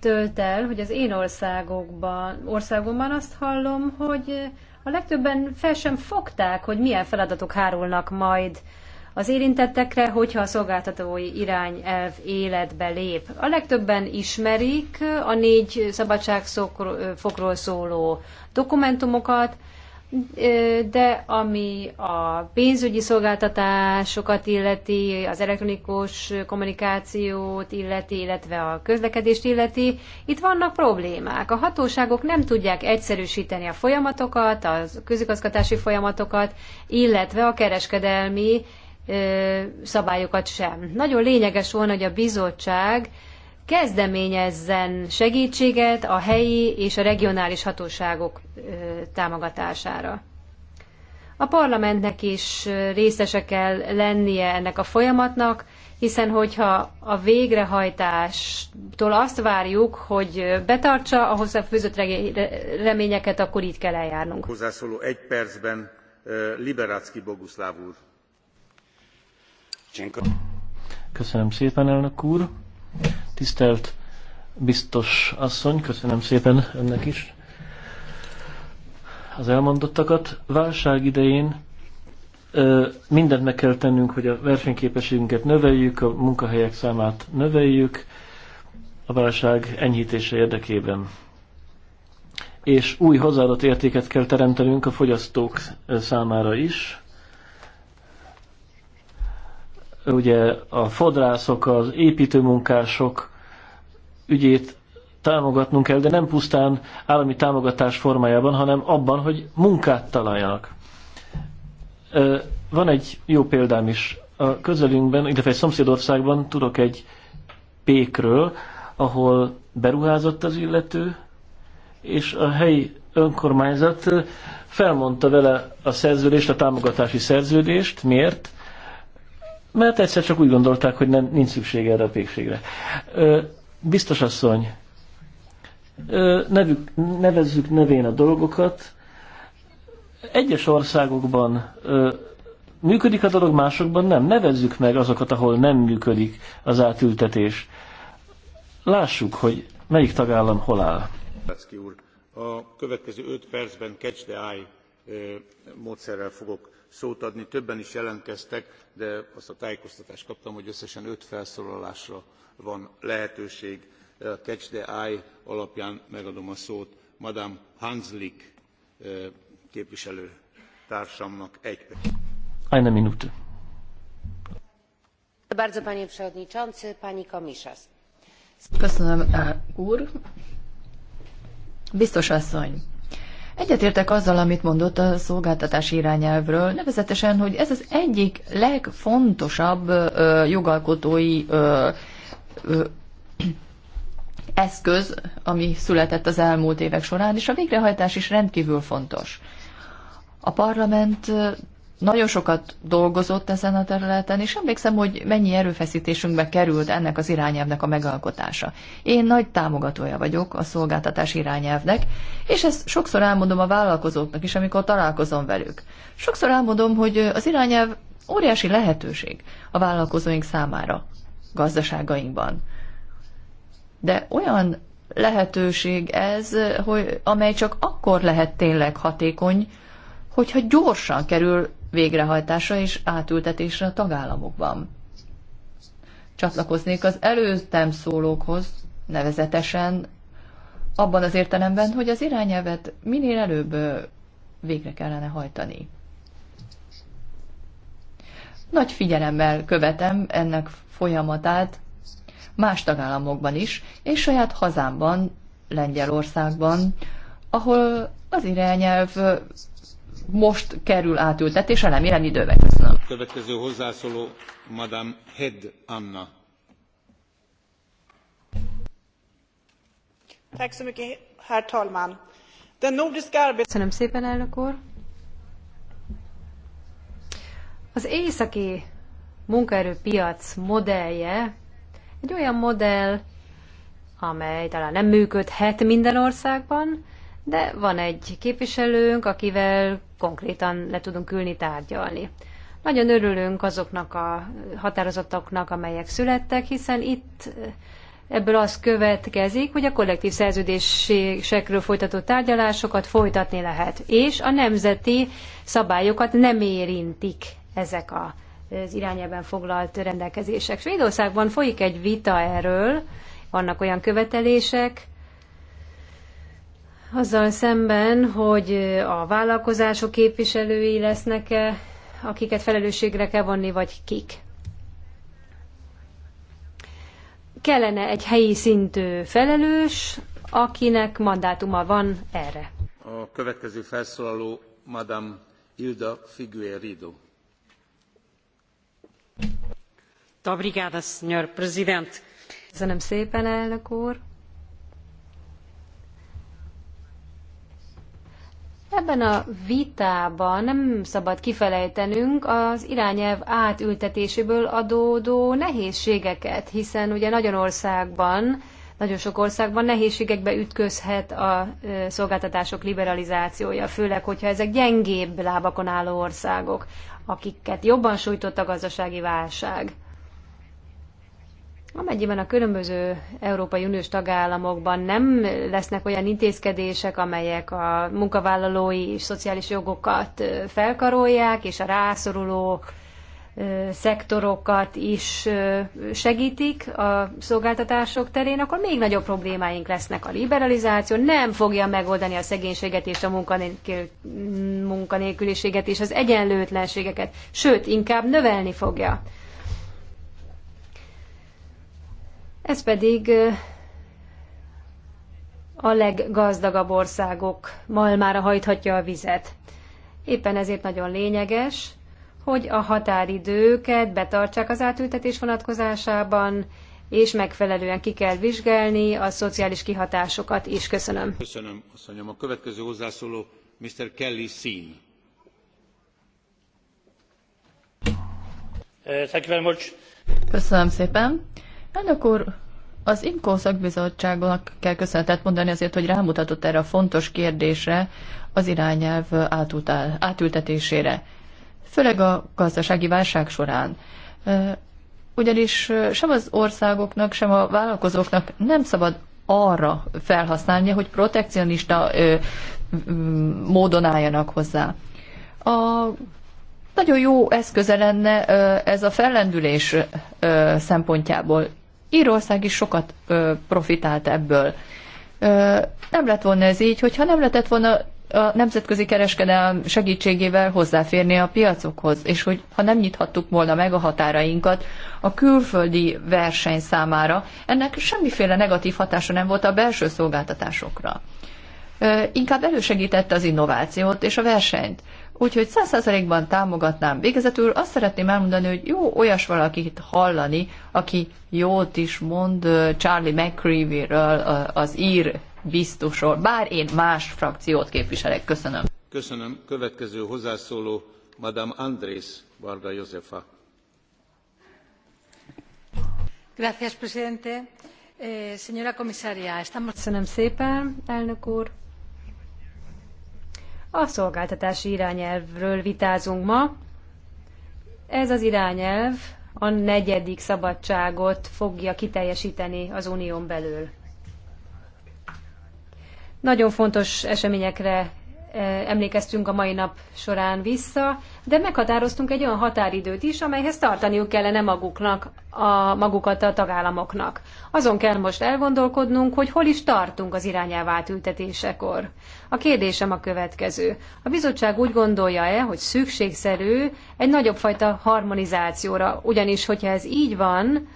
Speaker 3: tölt el, hogy az én országokban, országomban azt hallom, hogy a legtöbben fel sem fogták, hogy milyen feladatok hárulnak majd az érintettekre, hogyha a szolgáltatói irányelv életbe lép. A legtöbben ismerik a négy szabadságfokról szóló dokumentumokat, de ami a pénzügyi szolgáltatásokat illeti, az elektronikus kommunikációt illeti, illetve a közlekedést illeti, itt vannak problémák. A hatóságok nem tudják egyszerűsíteni a folyamatokat, a közigazgatási folyamatokat, illetve a kereskedelmi szabályokat sem. Nagyon lényeges volna, hogy a bizottság kezdeményezzen segítséget a helyi és a regionális hatóságok támogatására. A parlamentnek is részese kell lennie ennek a folyamatnak, hiszen hogyha a végrehajtástól azt várjuk, hogy betartsa a hozzáfűzött reményeket, akkor így kell eljárnunk.
Speaker 4: Hozzászóló egy percben Liberácki Boguszláv úr.
Speaker 2: Köszönöm szépen, elnök úr. Tisztelt biztos asszony, köszönöm szépen önnek is az elmondottakat. Válság idején mindent meg kell tennünk, hogy a versenyképességünket növeljük, a munkahelyek számát növeljük a válság enyhítése érdekében. És új hozzáadott értéket kell teremtenünk a fogyasztók számára is, ugye a fodrászok, az építőmunkások ügyét támogatnunk kell, de nem pusztán állami támogatás formájában, hanem abban, hogy munkát találjanak. Van egy jó példám is. A közelünkben, illetve egy szomszédországban tudok egy pékről, ahol beruházott az illető, és a helyi önkormányzat felmondta vele a szerződést, a támogatási szerződést. Miért? mert egyszer csak úgy gondolták, hogy nem, nincs szükség erre a pékségre. Biztos asszony, nevük, nevezzük nevén a dolgokat. Egyes országokban működik a dolog, másokban nem. Nevezzük meg azokat, ahol nem működik az átültetés. Lássuk, hogy melyik tagállam hol áll.
Speaker 4: Úr, a következő öt percben kecsdeáj módszerrel fogok szót adni többen is jelentkeztek de azt a tájékoztatást kaptam hogy összesen öt felszólalásra van lehetőség. a catch the eye alapján megadom a szót madame hanslik képviselő társamnak egy
Speaker 2: percben.
Speaker 3: panie przewodniczący! pani komisarz!
Speaker 1: E, biztos asszony! Egyetértek azzal, amit mondott a szolgáltatás irányelvről, nevezetesen, hogy ez az egyik legfontosabb ö, jogalkotói ö, ö, eszköz, ami született az elmúlt évek során, és a végrehajtás is rendkívül fontos. A parlament nagyon sokat dolgozott ezen a területen, és emlékszem, hogy mennyi erőfeszítésünkbe került ennek az irányelvnek a megalkotása. Én nagy támogatója vagyok a szolgáltatás irányelvnek, és ezt sokszor elmondom a vállalkozóknak is, amikor találkozom velük. Sokszor elmondom, hogy az irányelv óriási lehetőség a vállalkozóink számára, gazdaságainkban. De olyan lehetőség ez, hogy, amely csak akkor lehet tényleg hatékony, hogyha gyorsan kerül végrehajtása és átültetése a tagállamokban. Csatlakoznék az előttem szólókhoz, nevezetesen abban az értelemben, hogy az irányelvet minél előbb végre kellene hajtani. Nagy figyelemmel követem ennek folyamatát más tagállamokban is, és saját hazámban, Lengyelországban, ahol az irányelv most kerül átültetésre, remélem időben köszönöm.
Speaker 4: Következő hozzászóló Madame Head Anna.
Speaker 3: Köszönöm szépen, elnök úr. Az északi munkaerőpiac modellje egy olyan modell, amely talán nem működhet minden országban, de van egy képviselőnk, akivel konkrétan le tudunk ülni tárgyalni. Nagyon örülünk azoknak a határozatoknak, amelyek születtek, hiszen itt eh, ebből az következik, hogy a kollektív szerződésekről folytatott tárgyalásokat folytatni lehet, és a nemzeti szabályokat nem érintik ezek a az irányában foglalt rendelkezések. Svédországban folyik egy vita erről, vannak olyan követelések, azzal szemben, hogy a vállalkozások képviselői lesznek-e, akiket felelősségre kell vonni, vagy kik. Kellene egy helyi szintű felelős, akinek mandátuma van erre.
Speaker 4: A következő felszólaló Madame Ilda Figueredo. Hilda
Speaker 3: Figueiredo. Köszönöm szépen, elnök úr! Ebben a vitában nem szabad kifelejtenünk az irányelv átültetéséből adódó nehézségeket, hiszen ugye nagyon országban, nagyon sok országban nehézségekbe ütközhet a szolgáltatások liberalizációja, főleg, hogyha ezek gyengébb lábakon álló országok, akiket jobban sújtott a gazdasági válság. Amennyiben a különböző Európai Uniós tagállamokban nem lesznek olyan intézkedések, amelyek a munkavállalói és szociális jogokat felkarolják, és a rászoruló szektorokat is segítik a szolgáltatások terén, akkor még nagyobb problémáink lesznek. A liberalizáció nem fogja megoldani a szegénységet és a munkanélkül, munkanélküliséget és az egyenlőtlenségeket, sőt, inkább növelni fogja. Ez pedig a leggazdagabb országok malmára hajthatja a vizet. Éppen ezért nagyon lényeges, hogy a határidőket betartsák az átültetés vonatkozásában, és megfelelően ki kell vizsgálni a szociális kihatásokat is. Köszönöm.
Speaker 4: Köszönöm, asszonyom. A következő hozzászóló Mr. Kelly Sean.
Speaker 2: Uh,
Speaker 1: Köszönöm szépen. Elnök úr, az IMKO szakbizottságnak kell köszönetet mondani azért, hogy rámutatott erre a fontos kérdésre, az irányelv átutál, átültetésére, főleg a gazdasági válság során. Ugyanis sem az országoknak, sem a vállalkozóknak nem szabad arra felhasználni, hogy protekcionista ö, ö, módon álljanak hozzá. A nagyon jó eszköze lenne ez a fellendülés szempontjából Írország is sokat ö, profitált ebből. Ö, nem lett volna ez így, hogyha nem lehetett volna a nemzetközi kereskedelem segítségével hozzáférni a piacokhoz, és hogy ha nem nyithattuk volna meg a határainkat a külföldi verseny számára, ennek semmiféle negatív hatása nem volt a belső szolgáltatásokra. Inkább elősegítette az innovációt és a versenyt. Úgyhogy százszerzalékban támogatnám. Végezetül azt szeretném elmondani, hogy jó olyas valakit hallani, aki jót is mond Charlie McCreevy-ről, az ír biztosról, bár én más frakciót képviselek. Köszönöm.
Speaker 4: Köszönöm. Következő hozzászóló Madame Andrés Varga Josefa.
Speaker 3: Gracias, presidente. Eh, señora comisaria, estamos... Köszönöm szépen, elnök úr. A szolgáltatási irányelvről vitázunk ma. Ez az irányelv a negyedik szabadságot fogja kiteljesíteni az unión belül. Nagyon fontos eseményekre emlékeztünk a mai nap során vissza, de meghatároztunk egy olyan határidőt is, amelyhez tartaniuk kellene maguknak, a, magukat a tagállamoknak. Azon kell most elgondolkodnunk, hogy hol is tartunk az irányelv átültetésekor. A kérdésem a következő. A bizottság úgy gondolja-e, hogy szükségszerű egy nagyobb fajta harmonizációra, ugyanis hogyha ez így van,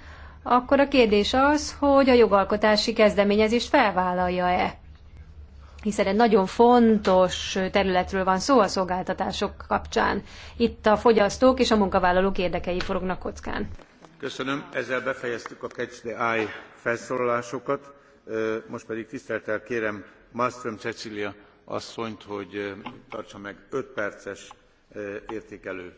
Speaker 3: akkor a kérdés az, hogy a jogalkotási kezdeményezést felvállalja-e hiszen egy nagyon fontos területről van szó a szolgáltatások kapcsán. Itt a fogyasztók és a munkavállalók érdekei forognak kockán.
Speaker 4: Köszönöm, ezzel befejeztük a Catch the Eye felszólalásokat. Most pedig tiszteltel kérem Malmström Cecilia asszonyt, hogy tartsa meg 5 perces értékelő.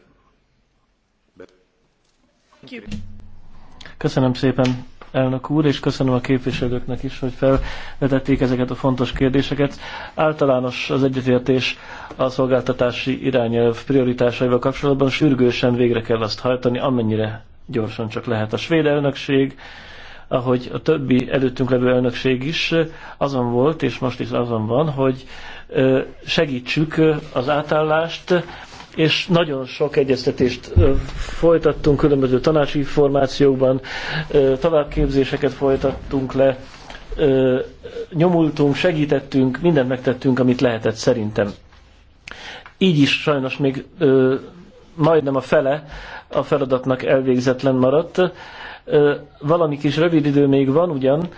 Speaker 2: Köszönöm szépen, elnök úr, és köszönöm a képviselőknek is, hogy felvetették ezeket a fontos kérdéseket. Általános az egyetértés a szolgáltatási irányelv prioritásaival kapcsolatban sürgősen végre kell azt hajtani, amennyire gyorsan csak lehet. A svéd elnökség, ahogy a többi előttünk levő elnökség is azon volt, és most is azon van, hogy segítsük az átállást, és nagyon sok egyeztetést folytattunk különböző tanácsi formációkban, továbbképzéseket folytattunk le, nyomultunk, segítettünk, mindent megtettünk, amit lehetett szerintem. Így is sajnos még majdnem a fele a feladatnak elvégzetlen maradt. Valami kis rövid idő még van ugyan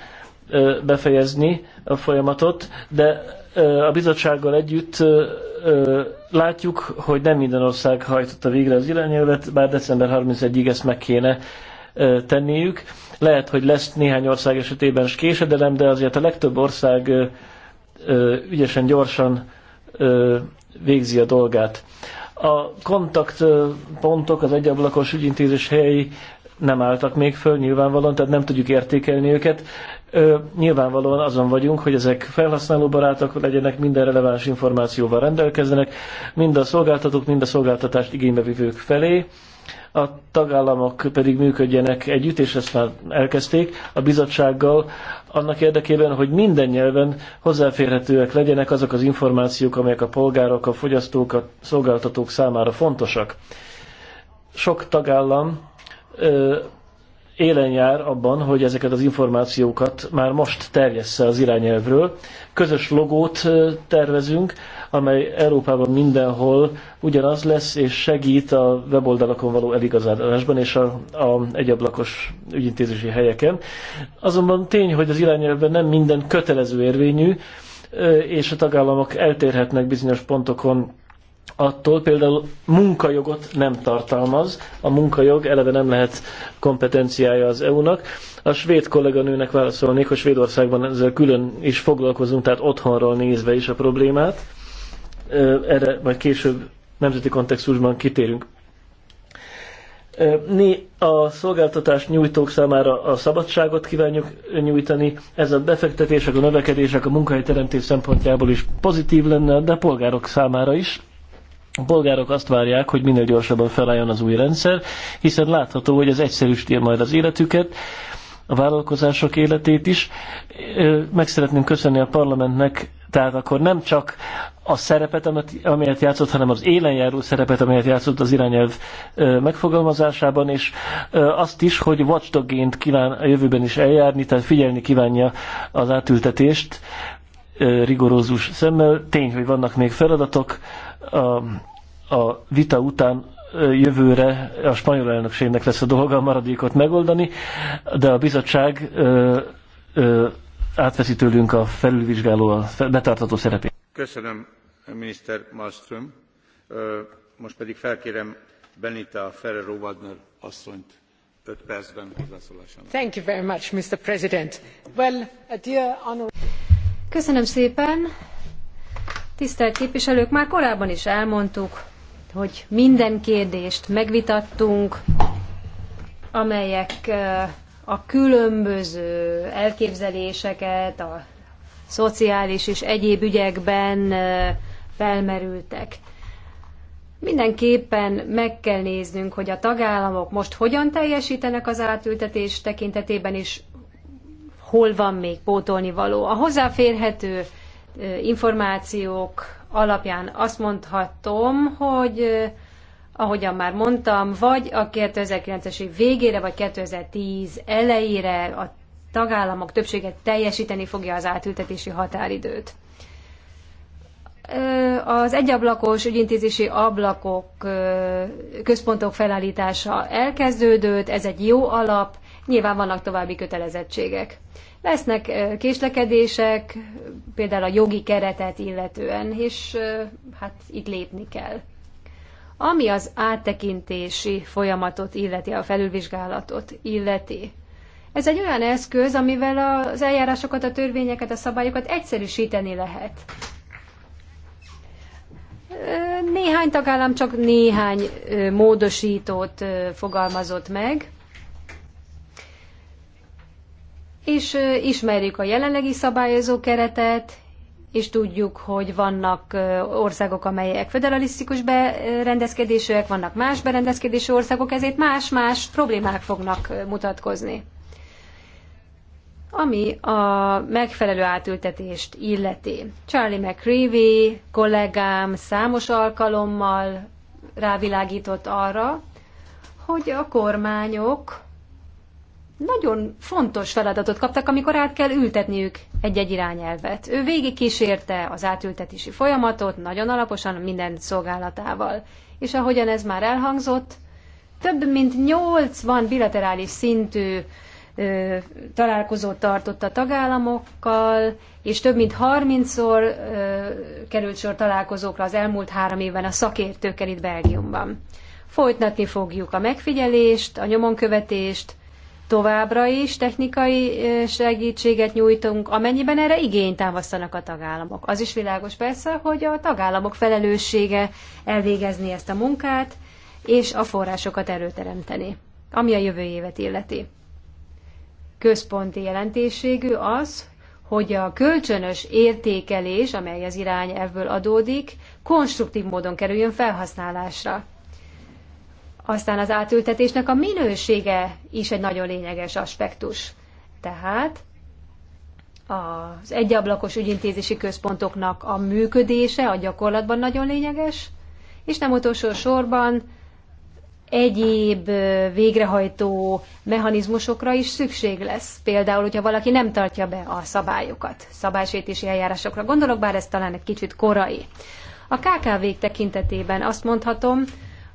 Speaker 2: befejezni a folyamatot, de a bizottsággal együtt látjuk, hogy nem minden ország hajtotta végre az irányelvet, bár december 31-ig ezt meg kéne tenniük. Lehet, hogy lesz néhány ország esetében is késedelem, de azért a legtöbb ország ügyesen, gyorsan végzi a dolgát. A kontaktpontok, az egyablakos ügyintézés helyi nem álltak még föl nyilvánvalóan, tehát nem tudjuk értékelni őket. Ö, nyilvánvalóan azon vagyunk, hogy ezek felhasználóbarátok legyenek, minden releváns információval rendelkezzenek, mind a szolgáltatók, mind a szolgáltatást igénybevivők felé. A tagállamok pedig működjenek együtt, és ezt már elkezdték a bizottsággal, annak érdekében, hogy minden nyelven hozzáférhetőek legyenek azok az információk, amelyek a polgárok, a fogyasztók, a szolgáltatók számára fontosak. Sok tagállam élen jár abban, hogy ezeket az információkat már most terjessze az irányelvről. Közös logót tervezünk, amely Európában mindenhol ugyanaz lesz, és segít a weboldalakon való eligazadásban és a, a egyablakos ügyintézési helyeken. Azonban tény, hogy az irányelvben nem minden kötelező érvényű, és a tagállamok eltérhetnek bizonyos pontokon attól például munkajogot nem tartalmaz, a munkajog eleve nem lehet kompetenciája az EU-nak. A svéd kolléganőnek válaszolnék, hogy Svédországban ezzel külön is foglalkozunk, tehát otthonról nézve is a problémát. Erre majd később nemzeti kontextusban kitérünk. Mi a szolgáltatás nyújtók számára a szabadságot kívánjuk nyújtani, ez a befektetések, a növekedések, a munkahelyteremtés szempontjából is pozitív lenne, de a polgárok számára is a polgárok azt várják, hogy minél gyorsabban felálljon az új rendszer, hiszen látható, hogy ez egyszerűsíti majd az életüket, a vállalkozások életét is. Meg szeretném köszönni a parlamentnek, tehát akkor nem csak a szerepet, amelyet játszott, hanem az élenjáró szerepet, amelyet játszott az irányelv megfogalmazásában, és azt is, hogy watchdogként kíván a jövőben is eljárni, tehát figyelni kívánja az átültetést rigorózus szemmel. Tény, hogy vannak még feladatok, a, a vita után jövőre a spanyol elnökségnek lesz a dolga a maradékot megoldani, de a bizottság ö, ö, átveszi tőlünk a felülvizsgáló, a betartató szerepét.
Speaker 4: Köszönöm, miniszter Malmström. Most pedig felkérem Benita Ferrero Waldner asszonyt percben
Speaker 3: Thank you very much, Mr. President. Well, dear honor... Köszönöm szépen, Tisztelt képviselők, már korábban is elmondtuk, hogy minden kérdést megvitattunk, amelyek a különböző elképzeléseket a szociális és egyéb ügyekben felmerültek. Mindenképpen meg kell néznünk, hogy a tagállamok most hogyan teljesítenek az átültetés tekintetében, és hol van még pótolni való. A hozzáférhető információk alapján azt mondhatom, hogy ahogyan már mondtam, vagy a 2009-es év végére, vagy 2010 elejére a tagállamok többsége teljesíteni fogja az átültetési határidőt. Az egyablakos ügyintézési ablakok, központok felállítása elkezdődött, ez egy jó alap, nyilván vannak további kötelezettségek. Lesznek késlekedések, például a jogi keretet illetően, és hát itt lépni kell. Ami az áttekintési folyamatot illeti, a felülvizsgálatot illeti, ez egy olyan eszköz, amivel az eljárásokat, a törvényeket, a szabályokat egyszerűsíteni lehet. Néhány tagállam csak néhány módosítót fogalmazott meg, és ismerjük a jelenlegi szabályozó keretet, és tudjuk, hogy vannak országok, amelyek federalisztikus berendezkedésűek, vannak más berendezkedésű országok, ezért más-más problémák fognak mutatkozni. Ami a megfelelő átültetést illeti. Charlie McCreevy kollégám számos alkalommal rávilágított arra, hogy a kormányok nagyon fontos feladatot kaptak, amikor át kell ültetniük egy-egy irányelvet. Ő végig kísérte az átültetési folyamatot, nagyon alaposan minden szolgálatával. És ahogyan ez már elhangzott, több mint 80 bilaterális szintű ö, találkozót tartott a tagállamokkal, és több mint 30-szor ö, került sor találkozókra az elmúlt három évben a szakértőkkel itt Belgiumban. Folytatni fogjuk a megfigyelést, a nyomonkövetést, továbbra is technikai segítséget nyújtunk, amennyiben erre igényt támasztanak a tagállamok. Az is világos persze, hogy a tagállamok felelőssége elvégezni ezt a munkát, és a forrásokat erőteremteni, ami a jövő évet illeti. Központi jelentésségű az, hogy a kölcsönös értékelés, amely az irány ebből adódik, konstruktív módon kerüljön felhasználásra. Aztán az átültetésnek a minősége is egy nagyon lényeges aspektus. Tehát az egyablakos ügyintézési központoknak a működése a gyakorlatban nagyon lényeges, és nem utolsó sorban egyéb végrehajtó mechanizmusokra is szükség lesz. Például, hogyha valaki nem tartja be a szabályokat, szabálysétési eljárásokra gondolok, bár ez talán egy kicsit korai. A KKV-k tekintetében azt mondhatom,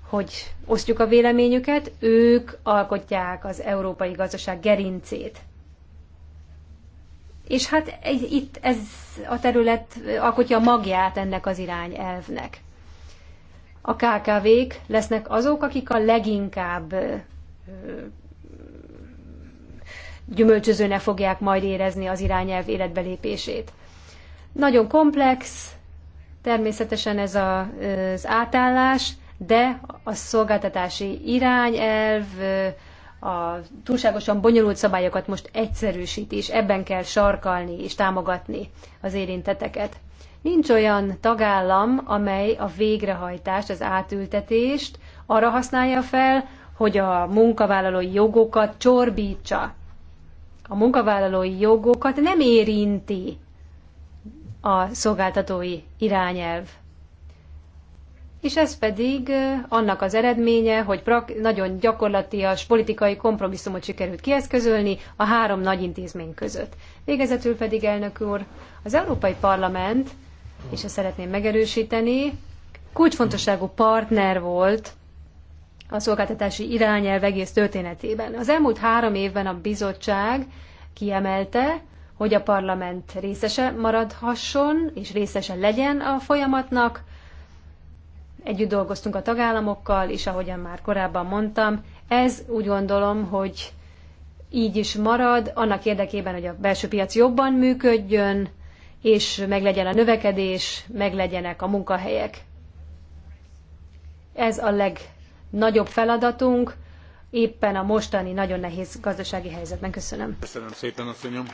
Speaker 3: hogy osztjuk a véleményüket, ők alkotják az európai gazdaság gerincét. És hát itt ez a terület alkotja a magját ennek az irányelvnek. A KKV-k lesznek azok, akik a leginkább gyümölcsözőnek fogják majd érezni az irányelv életbelépését. Nagyon komplex, természetesen ez a, az átállás, de a szolgáltatási irányelv a túlságosan bonyolult szabályokat most egyszerűsíti, és ebben kell sarkalni és támogatni az érinteteket. Nincs olyan tagállam, amely a végrehajtást, az átültetést arra használja fel, hogy a munkavállalói jogokat csorbítsa. A munkavállalói jogokat nem érinti a szolgáltatói irányelv és ez pedig annak az eredménye, hogy nagyon gyakorlatias politikai kompromisszumot sikerült kieszközölni a három nagy intézmény között. Végezetül pedig, elnök úr, az Európai Parlament, és ezt szeretném megerősíteni, kulcsfontosságú partner volt a szolgáltatási irányelv egész történetében. Az elmúlt három évben a bizottság kiemelte, hogy a parlament részese maradhasson és részese legyen a folyamatnak, Együtt dolgoztunk a tagállamokkal, és ahogyan már korábban mondtam, ez úgy gondolom, hogy így is marad, annak érdekében, hogy a belső piac jobban működjön, és meglegyen a növekedés, meglegyenek a munkahelyek. Ez a legnagyobb feladatunk, éppen a mostani nagyon nehéz gazdasági helyzetben. Köszönöm.
Speaker 4: Köszönöm szépen, asszonyom.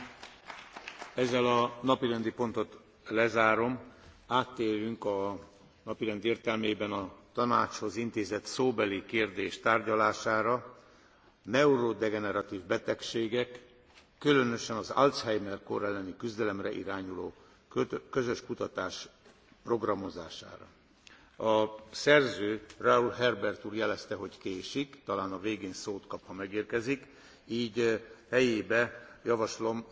Speaker 4: Ezzel a napirendi pontot lezárom. Áttérünk a napirend értelmében a tanácshoz intézett szóbeli kérdés tárgyalására neurodegeneratv betegségek különösen az alzheimer kór elleni küzdelemre irányuló közös kutatás programozására. a szerző raul herbert úr jelezte hogy késik talán a végén szót kap ha megérkezik gy eh, helyébe javaslom